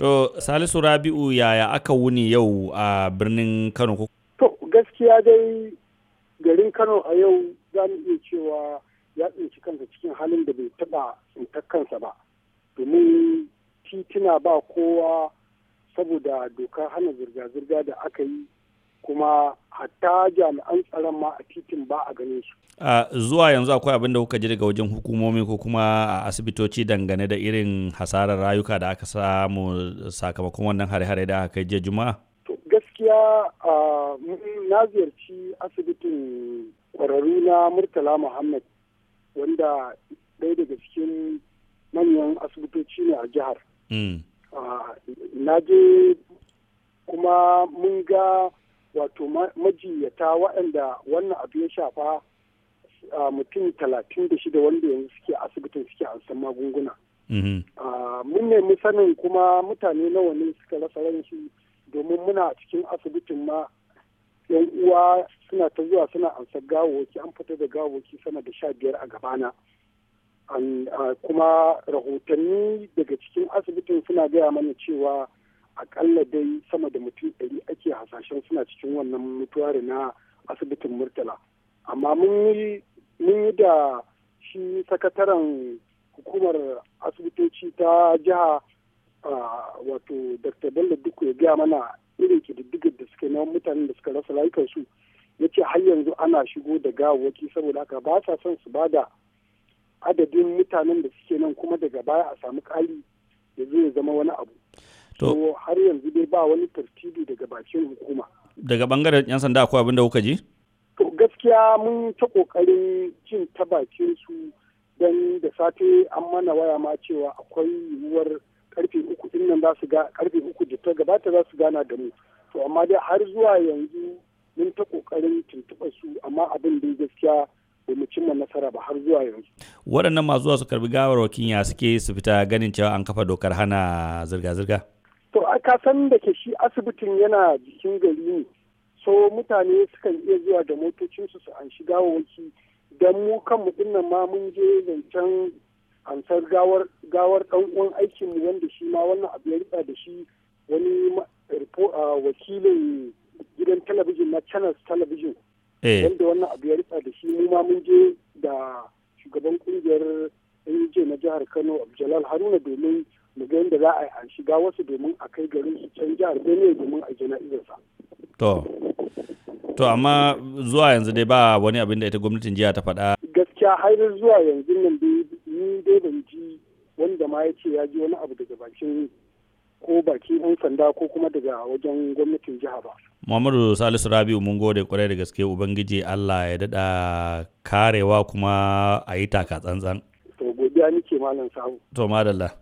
To Salisu Rabi'u yaya aka wuni yau a birnin Kano? To gaskiya dai garin Kano a yau za mu iya cewa ya tsinci kansa cikin halin da bai taɓa tsintar kansa ba. Domin tituna ba kowa saboda dokar hana zirga-zirga da aka yi kuma hatta jami'an tsaron ma a titin ba a ganin su. a zuwa yanzu akwai abin da kuka ji daga wajen hukumomi ko kuma a asibitoci dangane da irin hasarar rayuka da aka samu sakamakon wannan hare-hare da aka jiya juma'a? gaskiya na ziyarci asibitin kwararru na murtala muhammad wanda ɗaya daga cikin manyan asibitoci ne a jihar mm. na je kuma mun ga wato majiyata waɗanda wannan abu ya shafa mutum talatin da shida wanda yanzu suke asibitin suke ansan magunguna. Mm-hmm. Mun nemi sanin kuma mutane nawa ne suka rasa ransu domin muna cikin asibitin ma yan uwa suna ta zuwa suna ansar gawoki an fita da gawoki sama da sha biyar a gabana. kuma rahotanni daga cikin asibitin suna gaya mana cewa akalla dai sama da mutum ɗari ake hasashen suna cikin wannan mutuwar na asibitin murtala amma mun yi da shi sakataren hukumar asibitoci ta jiha wato dr bello duku ya gaya mana irin kididdigar da suka na mutanen da suka rasa rayukansu ya ce har yanzu ana shigo da gawawwaki saboda haka ba sa son su ba da adadin mutanen da suke nan kuma daga baya a samu kali ya zama wani abu to har yanzu dai ba wani tartibi daga bakin hukuma daga bangaren yan sanda akwai abin da kuka ji to gaskiya mun ta kokarin cin ta bakin su dan da safe an mana waya ma cewa akwai yiwuwar karfe uku din nan za su ga karfe uku da ta gabata za su gana da mu to amma dai har zuwa yanzu mun ta kokarin tuntuɓa su amma abin da gaskiya ba mu cimma nasara ba har zuwa yanzu waɗannan masu zuwa su karbi gawarwakin ya suke su fita ganin cewa an kafa dokar hana zirga-zirga kasan da ke shi asibitin yana jikin gari ne so mutane sukan iya zuwa da motocinsu su an shiga waki don mu kanmu dinnan ma mun je zancen ansar gawar gawar dan uwan aikinmu wanda shi ma wannan abu ya rika da shi wani wakilin gidan talabijin na channels talabijin eh. wanda wannan abu ya rika da shi mu ma mun je da shugaban kungiyar je na jihar kano jalal haruna domin mu ga yadda za a yi a shiga wasu domin a kai garin su can jihar Benue domin a jana'izarsa. To, to amma zuwa yanzu dai ba wani abin da ita gwamnatin jiya ta faɗa. Gaskiya har zuwa yanzu nan dai ni dai ban ji wanda ma ya ce ya ji wani abu daga bakin ko baki 'yan sanda ko kuma daga wajen gwamnatin jiha ba. Muhammadu Salisu Rabiu mun gode kwarai da gaske Ubangiji Allah ya daɗa karewa kuma a yi taka tsantsan. To godiya nike malam samu. To madalla.